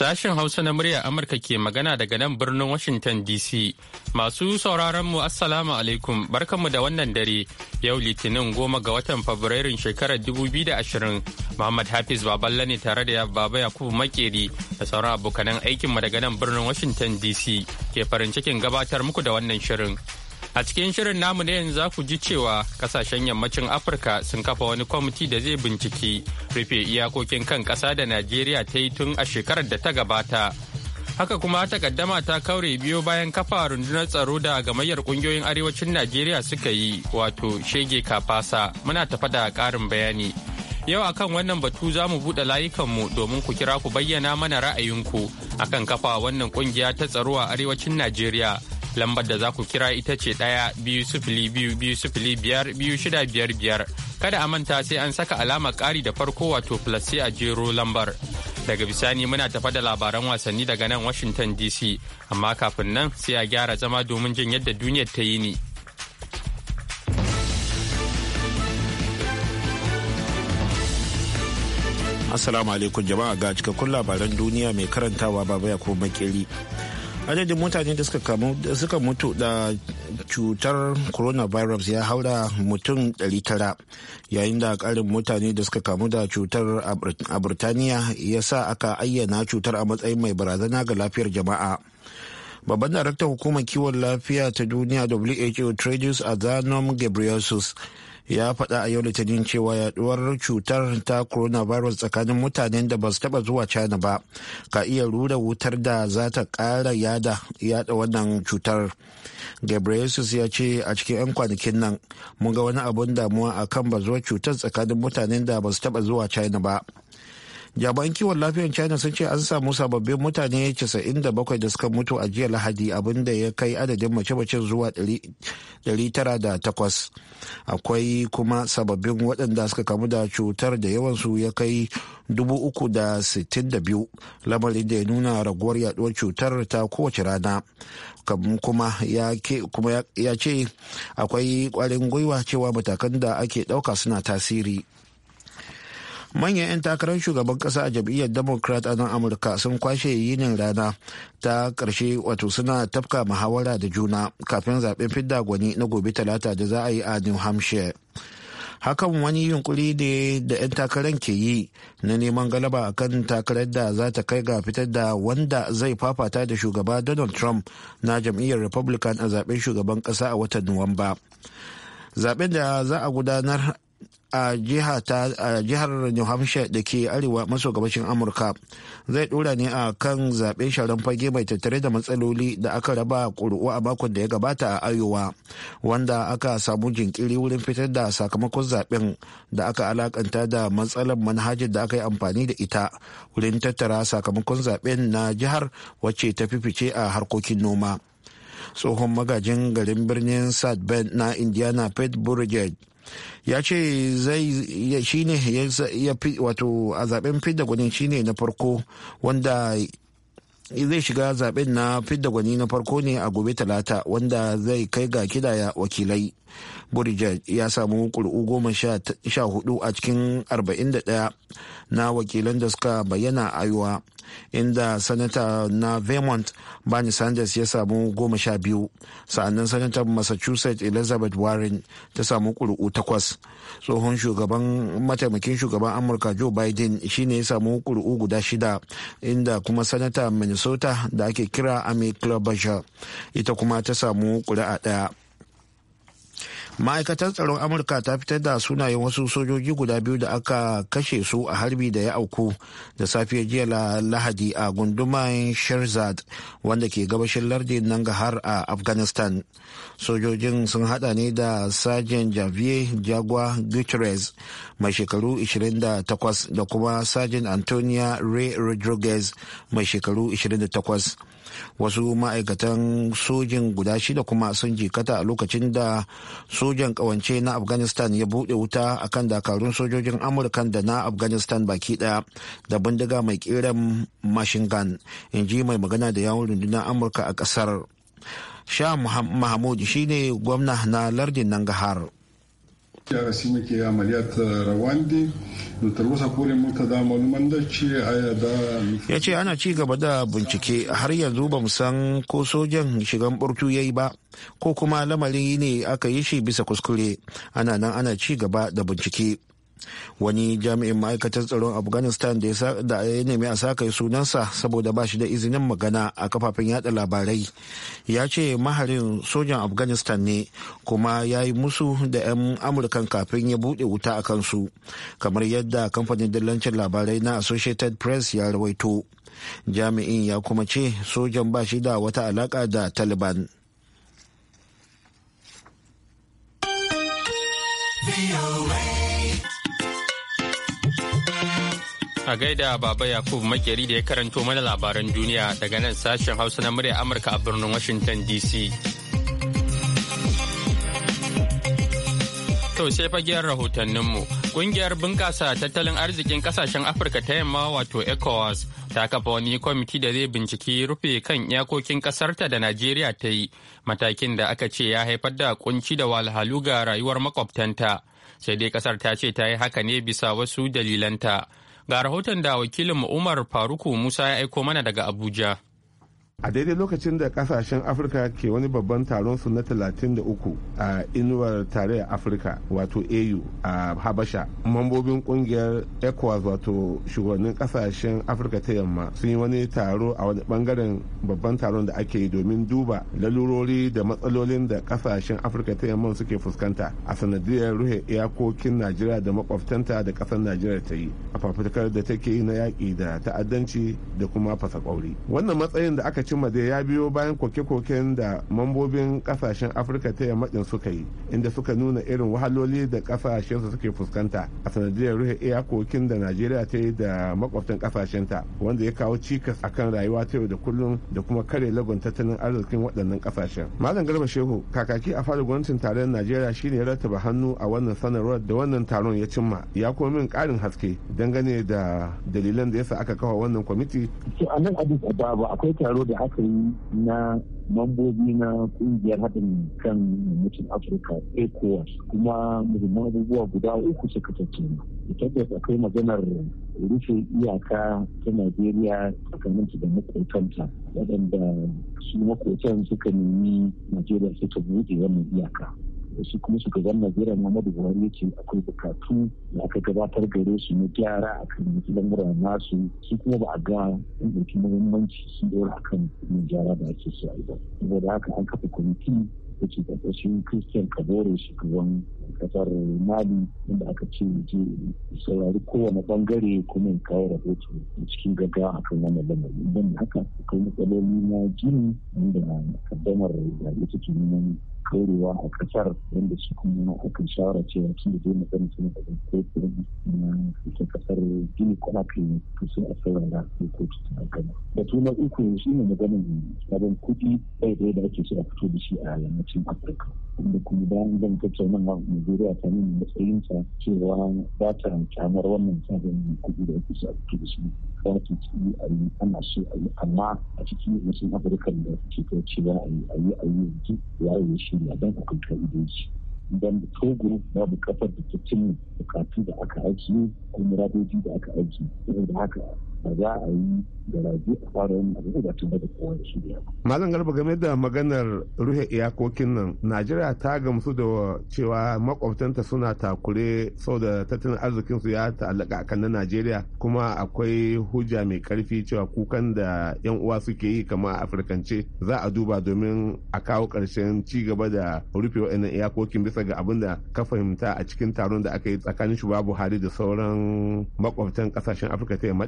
Sashen Hausa na murya Amurka ke magana daga nan birnin Washington DC. Masu sauraron mu Assalamu alaikum barkanmu da wannan dare yau litinin goma ga watan Fabrairun shekarar 2020 Muhammad Hafiz Baballa ne tare da Baba Yakubu Makeri da sauran abokanan aikinmu daga nan birnin Washington DC ke farin cikin gabatar muku da wannan shirin. A cikin shirin namu ne yanzu za ku ji cewa kasashen yammacin Afirka sun kafa wani kwamiti da zai binciki rufe iyakokin kan ƙasa da Najeriya ta yi tun a shekarar da ta gabata. Haka kuma takaddama ta kaure biyo bayan kafa rundunar tsaro da gamayyar ƙungiyoyin arewacin Najeriya suka yi wato shege kafasa muna tafa da ƙarin bayani. Yau akan wannan batu za mu buɗe layukanmu domin ku kira ku bayyana mana ra'ayinku akan kafa wannan ƙungiya ta tsaro a arewacin Najeriya. Lambar da za ku kira ita ce ɗaya biyu sifili biyu biyu sifili biyar biyu shida biyar biyar. Kada a manta sai an saka alama ƙari da farko wato plus sai a jero lambar. Daga bisani muna tafa da labaran wasanni daga nan Washington DC, amma kafin nan sai a gyara zama domin jin yadda duniyar ta yi ni. Assalamu alaikum jama'a ga cikakkun labaran duniya mai karantawa baba ya kuma makeri. adadin mutane da suka mutu da cutar coronavirus ya haura mutum 900 yayin da karin mutane da suka kamu da cutar a burtaniya ya sa aka ayyana cutar a matsayin mai barazana ga lafiyar jama'a babban daraktan hukumar kiwon lafiya ta duniya who tradus adhanom gabriel ya faɗa a yau litinin cewa yaduwar cutar ta coronavirus tsakanin mutanen da ba su taɓa zuwa china ba ka iya rura wutar da za ta ƙara yada yada wannan cutar gabrielsus ya ce a cikin 'yan kwanakin nan mun ga wani abun damuwa akan bazuwar cutar tsakanin mutanen da ba su taɓa zuwa china ba jami'an kiwon lafiyar china sun ce an samu sababbin mutane 97 da suka mutu a jiya lahadi abinda ya kai adadin mace mace zuwa 908 akwai kuma sababbin waɗanda suka kamu da cutar da yawansu ya kai 362 lamarin da ya nuna raguwar yaduwar cutar ta kowace rana kuma ya ce akwai kwarin gwiwa cewa matakan da ake ɗauka suna tasiri. manyan 'yan takarar shugaban kasa a jam'iyyar democrat a nan amurka sun kwashe yinin rana ta karshe wato suna tafka muhawara da juna kafin zaben fidda gwani na gobe talata da za a yi a new hampshire hakan wani yunkuri ne da 'yan takarar ke yi na neman galaba a kan takarar da za ta kai ga fitar da wanda zai fafata da shugaba donald trump na jam'iyyar republican a zaben shugaban kasa a watan nuwamba zaben da za a gudanar a jihar new hampshire da ke arewa maso gabashin amurka zai dora ne a kan zaɓen sharan fage mai tattare da matsaloli da aka raba ƙuri'u a makon da ya gabata a arewa wanda aka samu jinkiri wurin fitar da sakamakon zaɓen da aka alakanta da matsalar manhajar da aka yi amfani da ita wurin tattara sakamakon zaɓen na jihar wacce ta fifice a harkokin noma tsohon magajin garin birnin south bend na indiana pete buttigieg ya ce zai shi ne ya fi wato a zaben fidda gwani shi ne na farko wanda zai shiga zaben na fidda gwani na farko ne a gobe talata wanda zai kai ga kidaya wakilai burija ya samu ƙuri'u goma sha hudu a cikin arba'in da ɗaya na wakilan da suka bayyana a inda sanata na vermont bernie sanders ya samu goma sha biyu sa'annan sanatar massachusetts elizabeth warren ta samu kuri'u takwas tsohon shugaban mataimakin shugaban amurka joe biden shine ya samu kuri'u guda shida inda kuma sanata minnesota da ake kira amy klobuchar ita kuma ta samu kuri'a daya ma'aikatar tsaron amurka ta fitar da sunayen wasu sojoji guda biyu da aka kashe su a harbi da ya auku da safiyar jiya lahadi a gundumar sherzad wanda ke gabashin lardin har a afghanistan sojojin sun hada ne da sajen javier jagua gutierrez mai shekaru 28 da kuma sajen antonia ray rodriguez mai shekaru 28 wasu ma'aikatan sojin guda shida kuma sun jikata a lokacin da sojan kawance na afghanistan ya buɗe wuta a kan dakarun sojojin amurkan da na afghanistan baki ɗaya da bindiga mai ƙeran mashin gun in ji mai magana da yawon rundunar amurka a ƙasar sha mahmud shine gwamna na lardin nangahar amaliyat Ya ce ana ci gaba da bincike har yanzu ba san ko sojan shigan burtu ya yi ba, ko kuma lamari ne aka yi shi bisa kuskure, ana nan ana ci gaba da bincike. wani jami'in ma'aikatar tsaron afghanistan da ya nemi a saka sunansa saboda ba shi da izinin magana a kafafen yada labarai ya ce maharin sojan afghanistan ne kuma ya yi musu da 'yan amurkan kafin ya bude wuta a kansu kamar yadda kamfanin dillancin labarai na associated press ya rawaito jami'in ya kuma ce sojan ba shi da wata alaka da taliban A gaida Baba Yakubu Makeri da ya karanto mana labaran duniya daga nan sashen Hausa na murya Amurka a birnin Washington DC. To sai fagiyar rahotanninmu. ƙungiyar bunƙasa tattalin arzikin ƙasashen Afirka ta yamma wato ECOWAS ta kafa wani kwamiti da zai binciki rufe kan iyakokin ƙasarta da Najeriya ta yi matakin da aka ce ya haifar da kunci da walhalu ga rayuwar makwabtanta. Sai dai ƙasar ta ce ta yi haka ne bisa wasu dalilanta. Ga rahoton da wakilin Umar Faruku Musa ya aiko mana daga Abuja. a daidai lokacin da kasashen afirka ke wani babban taron su na 33 a inuwar tarayyar afirka wato au a habasha mambobin kungiyar ecowas wato shugabannin kasashen afirka ta yamma sun yi wani taro a wani bangaren babban taron da ake yi domin duba lalurori da matsalolin da kasashen afirka ta yamma suke fuskanta a sanadiyar ruhe iyakokin najeriya da makwabtanta da kasar najeriya ta yi a fafutukar da take yi na yaƙi da ta'addanci da kuma fasa kwauri wannan matsayin da aka cimma da ya biyo bayan koke-koken da mambobin kasashen afirka ta din suka yi inda suka nuna irin wahaloli da kasashensu suke fuskanta a sanadiyar iya kokin da najeriya ta yi da makwabtan ta wanda ya kawo cikas akan rayuwa ta yau da kullum da kuma kare lagon tattalin arzikin waɗannan kasashen malam garba shehu kakaki a fara gwamnatin taron najeriya shine ya rattaba hannu a wannan sanarwar da wannan taron ya cimma ya kuma min ƙarin haske dangane da dalilan da yasa aka kafa wannan kwamiti. a nan da ba akwai taro da aka yi na mambobi na kungiyar haɗin kan mutum afirka ecowas kuma muhimman abubuwa guda uku suka tattauna tabbas akwai maganar rufe iyaka ta najeriya tsakaninsu da makotanta waɗanda su makotan suka nemi najeriya suka buɗe wannan iyaka shi kuma gaban najeriya muhammadu buhari yake akwai bukatu da aka gabatar gare su na gyara a kan wasu lamuran nasu su kuma ba a ga ɗauki muhimmanci su dora a kan gyara da ake su aiba. ba saboda haka an kafa kwamiti da ke ƙarƙashin christian kabore shugaban kasar mali inda aka ce je saurari kowane bangare kuma kawo rahoto a cikin gaggawa akan wannan lamari da haka akwai matsaloli na jini inda kaddamar da ita ke neman korewa a kasar wanda su kuma hukun shawara cewa tun je zai magana tun da zai na fitar kasar gini kuma ke to sai a saurara ko kotu ta magana batu na uku shi ne maganin sabon kuɗi ɗaya ɗaya da ake so a fito da shi a yammacin afirka da kuma bayan zan tattaunawa Najeriya ta nuna matsayinta cewa ba ta kyamar wannan tsarin kuɗi da ake sa da su ba ta ci a yi ana so a yi amma a cikin wasu Afirka da ke kai cewa a yi a yi a yi yanzu ya yi shirya don a kai ka'idoji. Idan da Togo babu kafar da ta cimma bukatu da aka aiki ko muradoji da aka aiki. Saboda haka da za a yi garaji a fara yin da da kowa da su da Malam Garba game da maganar ruhe iyakokin nan, Najeriya ta gamsu da cewa makwabtanta suna takure saboda tattalin arzikinsu ya ta'allaka akan na Najeriya kuma akwai hujja mai karfi cewa kukan da 'yan uwa suke yi kama a Afirkance za a duba domin a kawo karshen ci gaba da rufe waɗannan iyakokin bisa ga abin da ka fahimta a cikin taron da aka yi tsakanin shugaba Buhari da sauran makwabtan kasashen Afirka ta yamma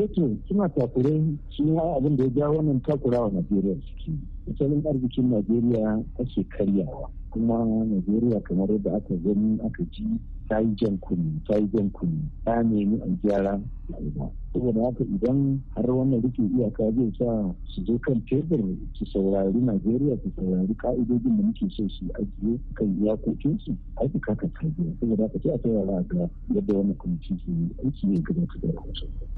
yake suna takurai shi ya abin da ya ja wannan wa Najeriya ciki. Tattalin arzikin Najeriya ake karyawa. Kuma Najeriya kamar yadda aka gani aka ji ta yi jan kuni ta yi jan kunu ta nemi a gyara saboda haka idan har wannan rike iyaka zai sa su je kan tebur su saurari najeriya su saurari ka'idojin da muke so su ajiye kan iyakokin su aiki kaka kaje saboda haka sai a ga yadda wannan kwamitin ke aiki ne gaba ta da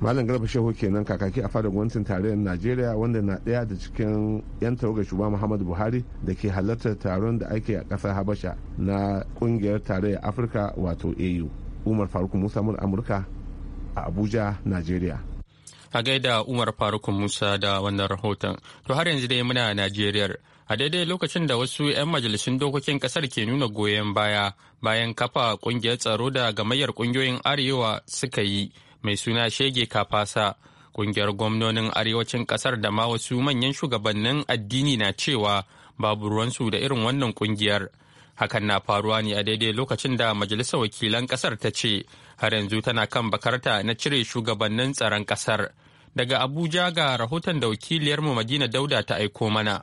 malam garba shehu kenan kakaki a fadar gwamnatin tarayyar najeriya wanda na daya da cikin yan tawaga shugaba muhammadu buhari da ke halartar taron da ake a kasar habasha na kungiyar tarayyar afirka wa wato au umar faruk musa mur amurka a abuja nigeria a gaida umar faruk musa da wannan rahoton to har yanzu dai muna nigeria a daidai lokacin da wasu 'yan majalisun dokokin kasar ke nuna goyon baya bayan kafa kungiyar tsaro da gamayyar kungiyoyin arewa suka yi mai suna shege kafasa kungiyar gwamnonin arewacin kasar da ma wasu manyan shugabannin addini na cewa babu ruwansu da irin wannan kungiyar hakan na faruwa ne a daidai lokacin da majalisar wakilan kasar ta ce har yanzu tana kan bakarta na cire shugabannin tsaron kasar daga abuja ga rahoton da wakiliyarmu madina dauda ta aiko mana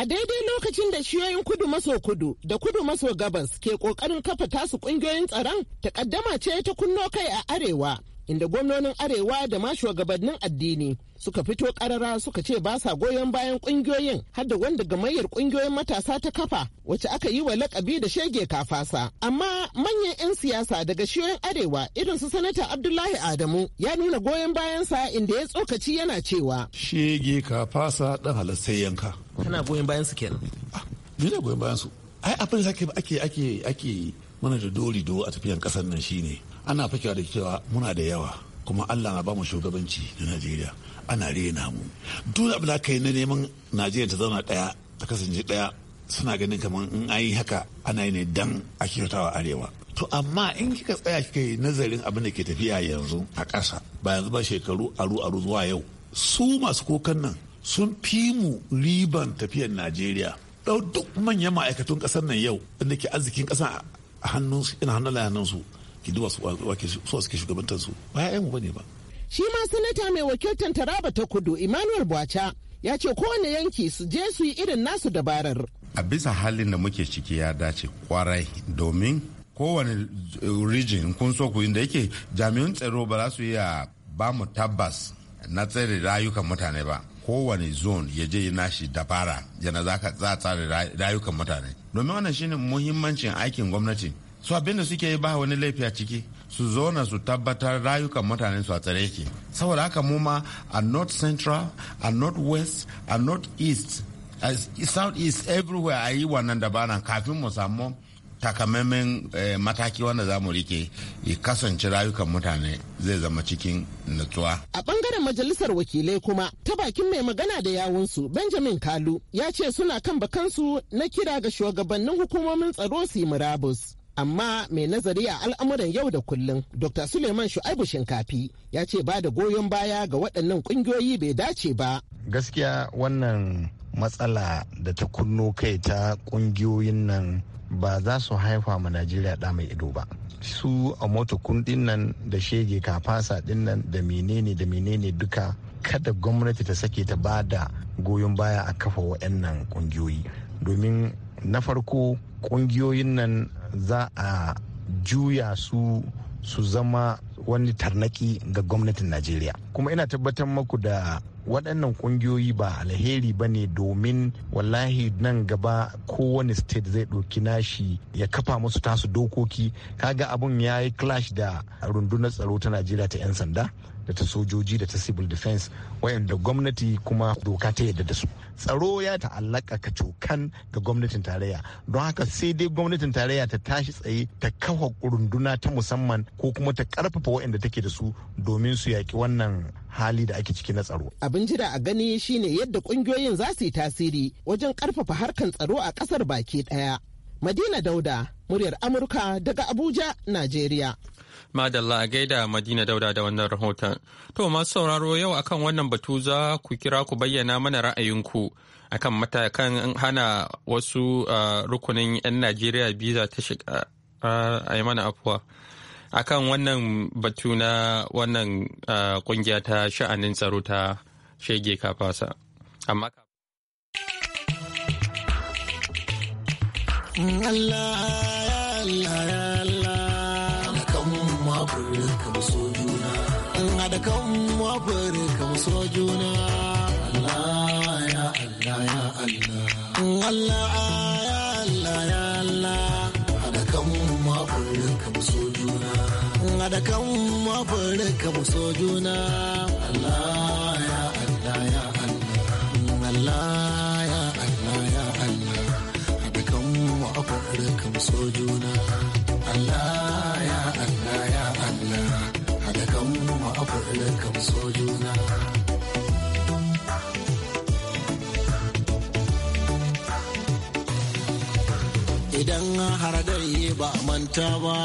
A daidai lokacin da shiyoyin kudu maso kudu da kudu maso gabas ke kokarin kafa tasu kungiyoyin tsaron takaddama ce ta kunno kai a arewa inda gwamnonin arewa da ma shugabannin addini suka fito karara suka ce ba sa goyon bayan kungiyoyin har da wanda gamayyar kungiyoyin matasa ta kafa wacce aka yi wa lakabi da shege kafasa amma manyan 'yan siyasa daga shiyoyin arewa irin su sanata abdullahi adamu ya nuna goyon bayansa inda ya tsokaci yana cewa shege kafasa dan halastai yanka kana goyon bayan su kenan ah, ne goyon bayan su ai abin da ake ake ake mana da dori do a tafiyan kasar nan shine ana fakewa da cewa muna da yawa kuma allah na ba shugabanci na najeriya ana rena mu dole abu da yi na neman najeriya ta zauna daya ta kasance daya suna ganin kamar in an haka ana yi ne dan a kyautawa arewa to amma in kika tsaya kika yi nazarin abin da ke tafiya yanzu a ƙasa ba yanzu ba shekaru aru aru zuwa yau su masu kokan nan sun fi mu riban tafiyar najeriya ɗau duk manyan ma'aikatun ƙasar nan yau inda ke arzikin ƙasa a hannunsu ina hannun su ki duba su suke shugabantar su ba ƴaƴanmu bane ba shi ma sanata mai wakiltar taraba ta kudu emmanuel bwacha ya ce kowane yanki su je su yi irin nasu dabarar a bisa halin da muke ciki ya dace kwarai domin kowane region kun so ku da yake jami'un tsaro ba za su iya ba mu tabbas na tsare rayukan mutane ba kowane zone ya je nashi dabara yana za ka tsare rayukan mutane domin wannan shine muhimmancin aikin gwamnati su abinda suke yi ba wani laifi a ciki su zona su tabbatar rayukan mutane su a tsare yake saboda haka mu ma a north central a north west a north east a south east everywhere a yi wannan dabaran kafin mu samu takamaiman eh, mataki wanda za mu rike ya kasance rayukan mutane zai zama cikin nutsuwa. A bangaren majalisar wakilai kuma ta bakin mai magana da yawunsu Benjamin Kalu ya ce suna kan bakansu na kira ga shugabannin hukumomin tsaro su yi murabus. amma mai nazari a al'amuran yau da kullum dr suleiman shu'aibu shinkafi ya ce ba da goyon baya ga waɗannan ƙungiyoyi bai dace ba gaskiya wannan matsala da ta kunno kai ta ƙungiyoyin nan ba za su haifa ma najeriya ɗa mai ido ba su a motokun ɗin nan da shege kafasa ɗin nan da menene da menene duka kada gwamnati ta sake ta ba da goyon baya a kafa waɗannan ƙungiyoyi domin na farko ƙungiyoyin nan za a juya su su zama wani tarnaki ga gwamnatin najeriya kuma ina tabbatar maku da waɗannan ƙungiyoyi ba alheri ba ne domin wallahi nan gaba kowane state zai ɗauki nashi ya kafa musu tasu dokoki kaga abun ya yi clash da rundunar tsaro ta najeriya ta 'yan sanda da ta sojoji da ta civil defense wayanda gwamnati kuma doka ta yadda da su tsaro ya ta'allaka kacokan ga gwamnatin tarayya don haka sai dai gwamnatin tarayya ta tashi tsaye ta kafa kurunduna ta musamman ko kuma ta karfafa wayanda take da su domin su yaki wannan hali da ake ciki na tsaro. Abin jira a gani shine yadda kungiyoyin za su yi tasiri wajen karfafa harkan tsaro a kasar baki daya. Madina Dauda, muryar Amurka daga Abuja, Najeriya. Madalla a gaida Madina Dauda da wannan rahoton. To masu sauraro yau akan wannan batu za ku kira ku bayyana mana ra'ayinku akan matakan hana wasu rukunin 'yan Najeriya biza ta shiga a yi mana afuwa. Akan wannan batu na wannan kungiya ta sha'anin tsaro ta shege kafasa. Amma Allah Allah ya Allah ya Allah hada kan mu mafarin ka so juna hada kan mu mafarin ka so juna Allah ya Allah ya Allah Allah ya Allah ya Allah hada kan mu mafarin ka so juna Allah ba a manta ba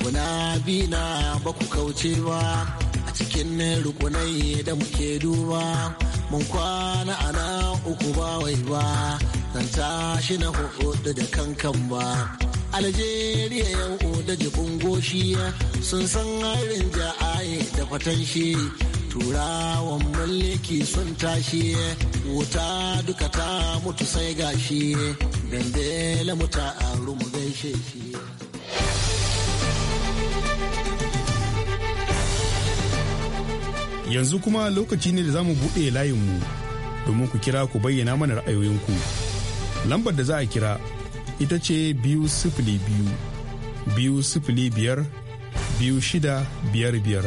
kuna na ba ku kauce ba a cikin rukunai da muke duba mun kwana ana uku ba wai ba zan tashi na hudu da kankan ba Algeria yan da jibin goshi sun san harin ja'aye da fatan shi turawan mallaki sun tashi wuta duka ta mutu sai gashi dandela muta ta aru mu gaishe shi yanzu kuma lokaci ne da za mu buɗe layinmu domin ku kira ku bayyana mana ra'ayoyinku lambar da za a kira ita ce biyu sifili biyu biyu sifili biyar biyu shida biyar biyar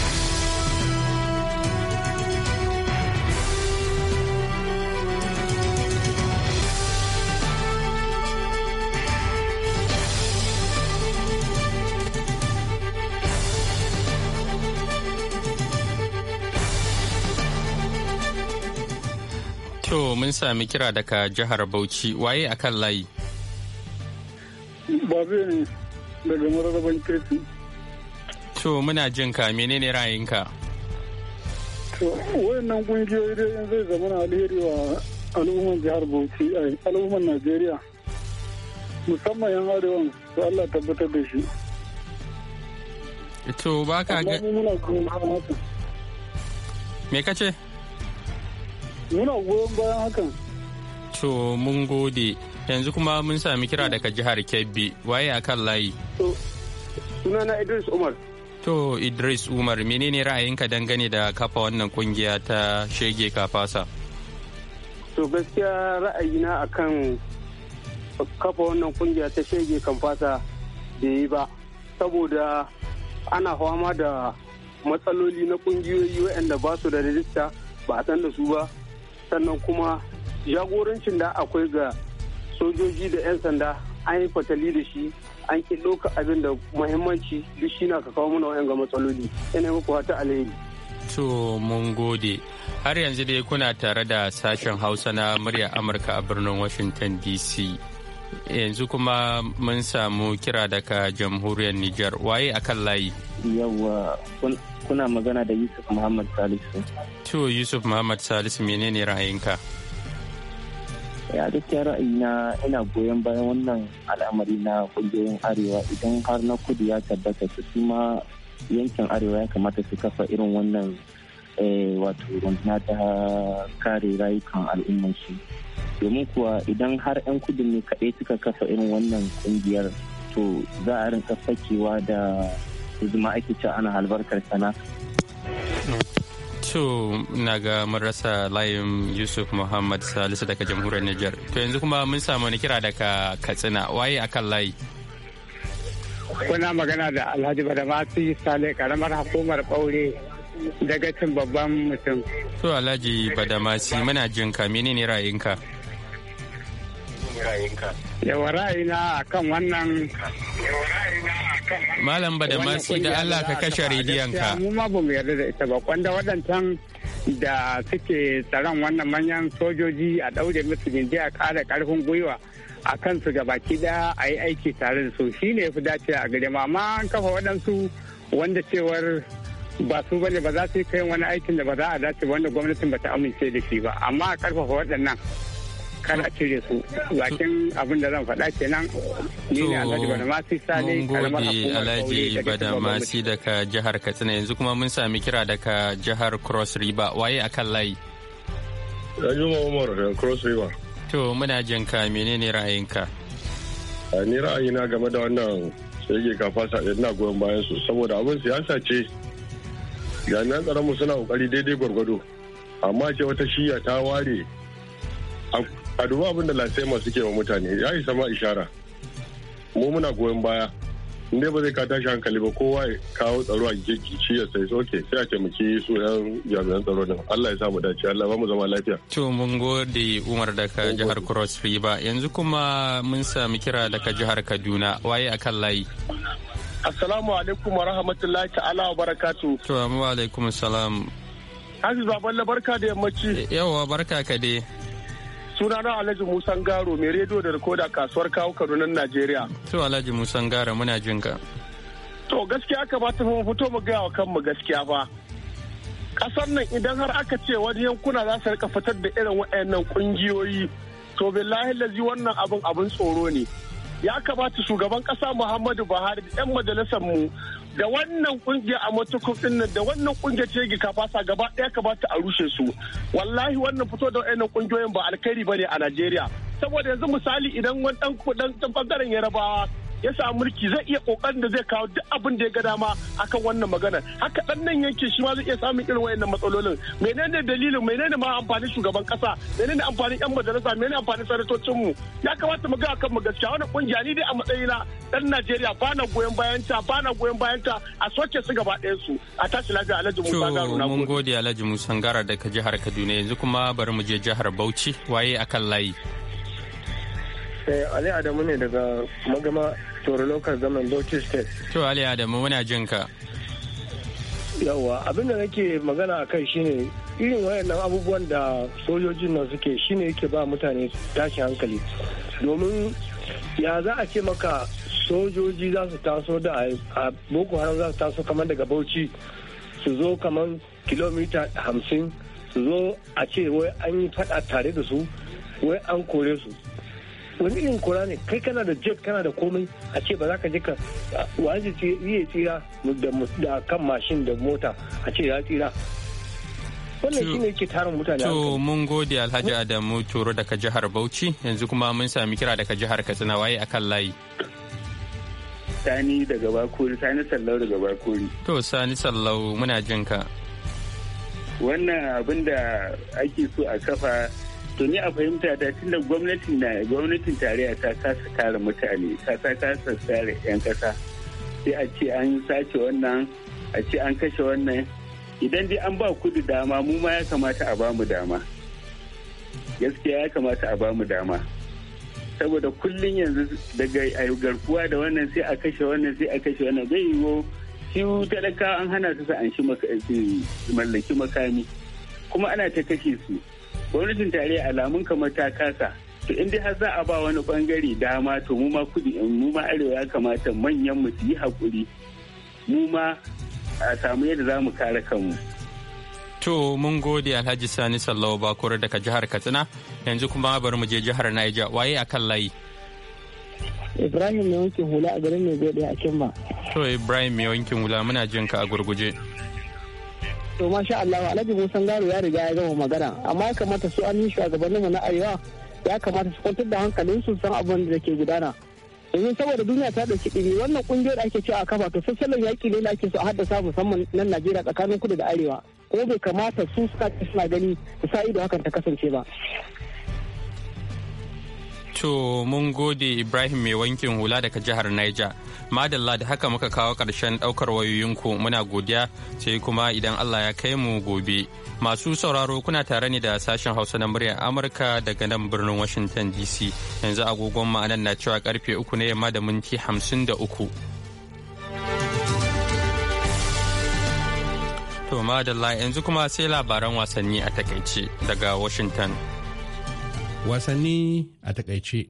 mun sami kira daga jihar Bauchi waye a kan layi. Babu ne daga mararraban kirki. To muna jin ka menene ra'ayinka? To wayannan kungiyoyi dai in zai zama alheri wa al'umman jihar Bauchi a al'umman Najeriya. Musamman yan arewan su Allah tabbatar da shi. To ba ka ga Me kace? ce? muna goyon bayan hakan to mun gode yanzu kuma mun sami kira daga jihar kebbi waye a kan layi to sunana idris umar to idris umar menene ra'ayinka dangane da kafa wannan kungiya ta shege kafasa to gaskiya ra'ayina akan kafa wannan kungiya ta shege kafasa da yi ba saboda ana fama da matsaloli na kungiyoyi waɗanda ba su da rajista ba a san da su ba sannan kuma jagorancin da akwai ga sojoji da 'yan sanda an yi fatali da shi an ki ɗauka abin da muhimmanci duk shi na ka kawo mana wa'yan ga matsaloli yana muku wata alheri. to mun gode har yanzu dai kuna tare da sashen hausa na murya amurka a birnin washington dc yanzu kuma mun samu kira daga jamhuriyar Nijar waye a kan layi. Yawwa kuna magana da Yusuf Muhammad Salisu. To Yusuf Muhammad Salisu menene ra'ayinka? Ya ra'ayi ra'ayina ina goyon bayan wannan al'amari na kungiyoyin arewa idan har na kudu ya tabbata su kuma yankin arewa ya kamata su kafa irin wannan eh, wato rundunar ta kare rayukan al'ummansu. domin kuwa idan har 'yan kudin ne kaɗai suka kafa irin wannan kungiyar to za a rinka fakewa da zuma ake cewa ana halbarkar sana to na ga marasa layin yusuf muhammad salisu daga jamhuriyar niger to yanzu kuma mun samu wani kira daga katsina waye akan layi kuna magana da alhaji badamasi sale karamar hukumar ɓaure daga cin babban mutum to alhaji badamasi muna jinka menene ra'ayinka yawa ra'ayina a kan wannan malam ba da allah ka kashe rediyonka mu ma ba mu yarda da ita ba kwanda waɗancan da suke tsaron wannan manyan sojoji a ɗaure musu jinji a ƙara ƙarfin gwiwa a kansu ga baki ɗaya a yi aiki tare da su shine ya fi dace a gare amma an kafa waɗansu wanda cewar ba su bane ba za su yi kai wani aikin da ba za a dace wanda gwamnatin ba ta amince da shi ba amma a ƙarfafa waɗannan kana cire su bakin abin da zan faɗa kenan ni ne alhaji badamasi sale karamar hukumar alhaji badamasi daga jihar katsina yanzu kuma mun sami kira daga jihar cross river waye akan layi Rajuma Umar Cross River. To muna jin ka menene ra'ayinka? Ni ra'ayina game da wannan shege kafasa ɗin na goyon bayan su saboda abin siyasa ce jami'an tsaron mu suna kokari daidai gwargwado amma ce wata shiya ta ware a duba abin da lasema suke wa mutane ya yi sama ishara mu muna goyon baya inda ba zai ka tashi hankali ba kowa ya kawo tsaro a shi ya sai soke sai a taimaki su yan jami'an tsaro din Allah ya sa mu dace Allah ba mu zama lafiya to mun gode Umar daga jihar Cross River yanzu kuma mun sami kira daga jihar Kaduna waye akan layi Assalamu alaikum wa rahmatullahi ta'ala wa barakatu to wa alaikum salam Haji Baballe barka da yammaci yawa barka ka dai suna na alhaji musan garo mai rediyo da rikoda kasuwar kawo kadunan najeriya to alhaji musan garo muna jin ka to gaskiya ka kamata mu fito mu gaya wa kanmu gaskiya fa kasar nan idan har aka ce wani yankuna za su rika fitar da irin waɗannan kungiyoyi to billahi lazi wannan abin abin tsoro ne ya kamata shugaban kasa muhammadu buhari da 'yan majalisar mu da wannan kungiya a matukun din da wannan kungiya ce ga kafasa gaba ɗaya kamata a rushe su wallahi wannan fito da waɗannan kungiyoyin ba alkhairi bane a najeriya saboda yanzu misali idan wani dan bangaren yarabawa ya samu mulki zai iya kokarin da zai kawo duk abin da ya ga dama akan wannan magana haka dan nan yanke shi ma zai iya samun irin wayannan matsalolin menene dalilin menene ma amfanin shugaban kasa menene amfanin yan majalisa menene amfanin sanatocin mu ya kamata mu ga akan mu gaskiya wannan kungiya ni dai a matsayina dan Najeriya ba na goyon bayan ta ba na goyon bayan ta a soke su gaba ɗayan su a tashi lafiya Alhaji Musa Garu na mun gode Alhaji Musa daga jihar Kaduna yanzu kuma bari mu je jihar Bauchi waye akan layi sosai eh, Ali Adamu ne daga magama Toro Local Zaman Bauchi State. To Ali Adamu muna jin ka. Yawwa abin da nake magana a kai shine irin wayannan abubuwan da sojojin nan suke shine yake ba mutane tashin hankali. Domin ya za a ce maka sojoji za su taso da a Boko Haram za su taso kamar daga Bauchi su zo kamar kilomita hamsin su zo a ce wai an yi fada tare da su wai an kore su wani irin kura ne kai kana da jet kana da komai a ce ba za ka je ka wani iya tsira da kan mashin da mota a ce ya tsira wannan ne yake tarin mutane to mun gode alhaji adamu turo daga jihar bauchi yanzu kuma mun sami kira daga jihar katsina waye akan layi sani daga bakuri sani sallau daga bakuri to sani sallau muna jin ka wannan abin da ake so a kafa to ni a fahimta da tunda gwamnatin na gwamnatin tarayya ta kasa kare mutane ta kasa kare yan kasa sai a ce an sace wannan a ce an kashe wannan idan dai an ba kudu dama mu ma ya kamata a bamu dama gaskiya ya kamata a bamu dama saboda kullun yanzu daga a garkuwa da wannan sai a kashe wannan sai a kashe wannan zai yiwu shi talaka an hana su sa an shi mallaki makami kuma ana ta kashe su gwamnatin tarayya alamun kamar ta kasa to in dai har za a ba wani bangare dama to mu ma kudi mu ma arewa ya kamata manyan mu su yi hakuri mu ma a samu yadda za mu kare kanmu To mun gode Alhaji Sani Sallawa Bakura daga jihar Katsina yanzu kuma bari mu je jihar Niger waye a kan layi. Ibrahim mai wankin hula a garin mai gode a Kimba. To Ibrahim mai wankin hula muna jinka a gurguje. to masha Allah Alhaji Musa Garo ya riga ya gama magana amma ya kamata su an yi shugabanninmu na arewa ya kamata su kwantar da hankalin su san abin da ke gudana domin saboda duniya ta ɗauki ɗini wannan kungiyar da ake cewa a kafa to sassalan yaƙi ne da ake so a haddasa musamman nan Najeriya tsakanin kudu da arewa ko bai kamata su suna suna gani su sa ido hakan ta kasance ba To mun gode Ibrahim mai wankin hula daga jihar Niger. Madalla da haka muka kawo karshen ɗaukar wayoyinku muna godiya sai kuma idan Allah ya kai mu gobe. Masu sauraro kuna tare ne da sashen Hausa na muryar Amurka daga nan birnin Washington DC. Yanzu agogon ma'anan na cewa karfe uku na yamma da minti hamsin da uku. To madalla yanzu kuma sai labaran wasanni a takaice daga Washington. wasanni a takaice.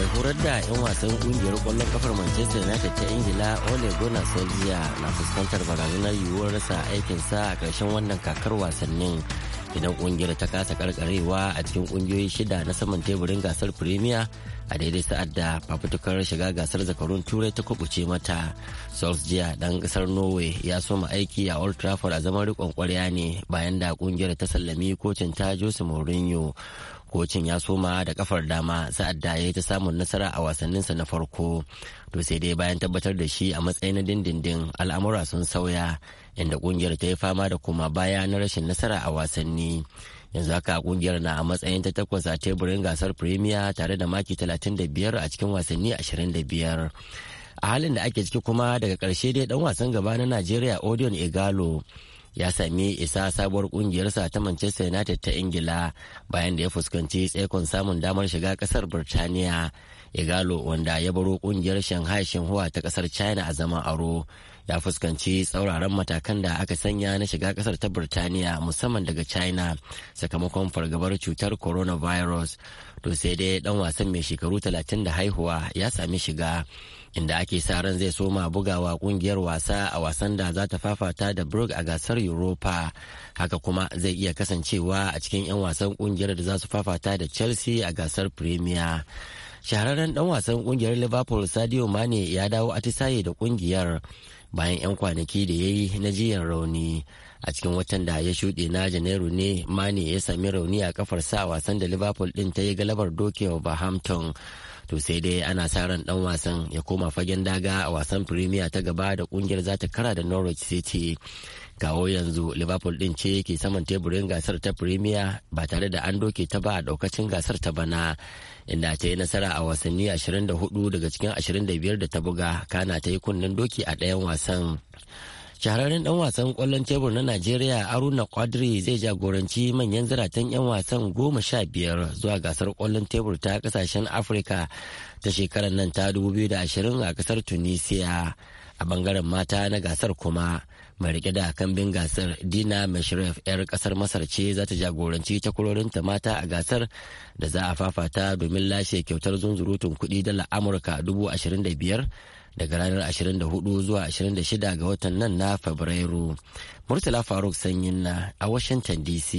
mai horar da 'yan wasan ƙungiyar ƙwallon ƙafar manchester united ta ingila ole gunnar solskjaer na fuskantar barazanar yiwuwar rasa aikinsa a ƙarshen wannan kakar wasannin idan ƙungiyar ta kasa karkarewa a cikin kungiyoyi shida na saman teburin gasar premier a daidai sa'ad da fafutukar shiga gasar zakarun turai ta kubuce mata solskjaer dan kasar norway ya soma aiki a old trafford a zaman rikon kwarya ne bayan da kungiyar ta sallami kocin ta jose mourinho kocin ya soma da kafar dama sa'ad da ya yi ta samun nasara a wasanninsa na farko to sai dai bayan tabbatar da shi a matsayin na dindindin al'amura sun sauya inda kungiyar ta yi fama da kuma baya na rashin nasara a wasanni. yanzu haka kungiyar na a matsayin ta takwas a teburin gasar premier tare da maki 35 a cikin wasanni 25 a halin da ake ciki kuma daga karshe dai dan wasan gaba na najeriya odion igalo ya sami isa sabuwar kungiyarsa ta manchester united ta ingila bayan da ya fuskanci tsaikon samun damar shiga kasar birtaniya igalo wanda ya baro kungiyar shanghai Shenhua ta kasar china a zama aro ya fuskanci tsauraran matakan da aka sanya na shiga kasar ta birtaniya musamman daga china sakamakon fargabar cutar coronavirus to sai dai dan wasan mai shekaru talatin da haihuwa ya sami shiga inda ake sa ran zai soma bugawa kungiyar wasa a wasan da za ta fafata da Brug a gasar Europa haka kuma zai iya kasancewa a cikin 'yan wasan kungiyar da za su fafata da Chelsea a gasar Premier shahararren dan wasan kungiyar liverpool sadio mane ya dawo atisaye da kungiyar bayan 'yan kwanaki da ya yi na jiyan rauni a cikin watan da ya shuɗe na janairu ne mane ya sami rauni a kafar sa wasan da liverpool din ta yi galabar dokewa bahampton to sai dai ana sa ran dan wasan ya koma fagen daga a wasan premier ta gaba da kungiyar za ta kara da norwich city kawo yanzu liverpool din ce ke saman teburin gasar ta premier ba tare da an doke ta ba a daukacin gasar ta bana inda ta yi nasara a wasanni 24 daga cikin 25 da ta buga kana ta yi kunnen doki a ɗayan wasan shahararren dan wasan kwallon tebur na najeriya aruna kwadri zai jagoranci manyan ziratan 'yan wasan goma sha biyar zuwa gasar kwallon tebur ta kasashen afirka ta shekarar nan ta 2020 a kasar tunisia a bangaren mata na gasar kuma mai rike da kambin gasar dina Mashref 'yar kasar masar ce za ta jagoranci takwarorinta mata a gasar da za a fafata domin lashe kyautar zunzurutun kudi dala amurka 25,000 daga ranar 24 zuwa 26 ga watan nan na fabrairu murtala faruk sanyin na a washington dc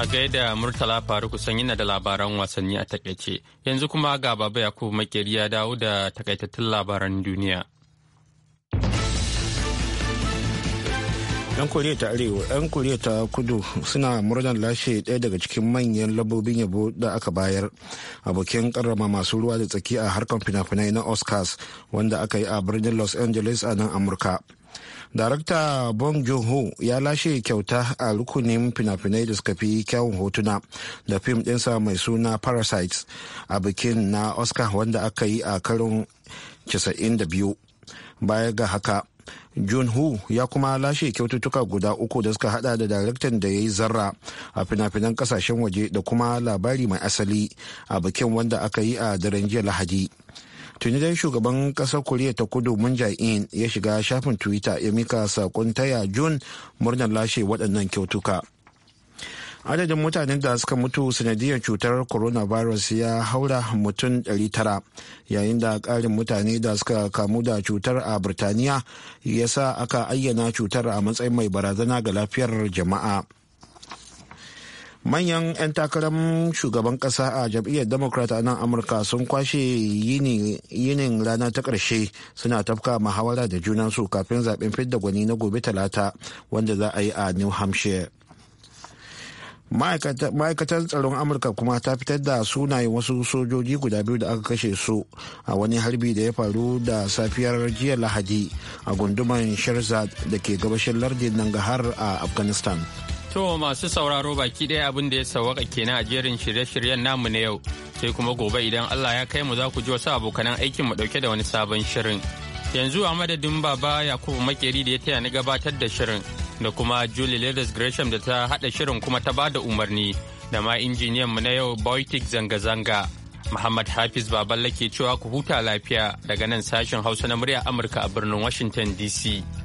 A gaida Murtala Faruku yana da labaran wasanni a takaice. Yanzu kuma ga Baba yakub Makeri ya dawo da takaitattun labaran duniya. yan koriya ta arewa yan koriya ta kudu suna murnar lashe ɗaya daga cikin manyan lambobin yabo da aka bayar abokin karrama masu ruwa da tsaki a harkar fina-finai na oscars wanda aka yi a birnin los angeles a nan amurka darakta bong joon-ho ya lashe kyauta a rukunin fina-finai da suka fi kyawun hotuna da fim ɗinsa mai suna parasites a bikin na oscar wanda aka yi a karin 92 baya ga haka Joon-ho ya kuma lashe kyaututtuka guda uku da suka hada da daraktan da ya yi zarra a fina-finan kasashen waje da kuma labari mai asali a bikin wanda aka yi a daren jiya Lahadi. tuni dai shugaban kasar koriya ta kudu mun in ya shiga shafin twitter ya mika sakon taya jun murnar lashe waɗannan kyautuka adadin mutanen da suka mutu sanadiyar cutar coronavirus ya haura mutum 900 yayin da ƙarin mutane da suka kamu da cutar a birtaniya ya sa aka ayyana cutar a matsayin mai barazana ga lafiyar jama'a manyan 'yan takarar shugaban kasa a jam'iyyar democrat a nan amurka sun kwashe yinin rana ta karshe suna tafka muhawara da su kafin zaben fidda gwani na gobe talata wanda za a yi a new hampshire ma'aikatar tsaron amurka kuma ta fitar da sunayen wasu sojoji guda biyu da aka kashe su a wani harbi da ya faru da safiyar jiya lahadi a gunduman sharzad da ke gabashin lardin nangahar a afghanistan To masu sauraro baki ɗaya abin da ya sawaka kenan a jerin shirye-shiryen namu na yau sai kuma gobe idan Allah ya kai mu za ku ji wasu abokanan aikin mu ɗauke da wani sabon shirin. Yanzu a madadin baba Yakubu Makeri da ya taya ni gabatar da shirin da kuma Julie Ladies Gresham da ta haɗa shirin kuma ta ba da umarni da ma injiniyan mu na yau Boytik zanga-zanga. Muhammad Hafiz Baballe ke cewa ku huta lafiya daga nan sashen Hausa na murya Amurka a birnin Washington DC.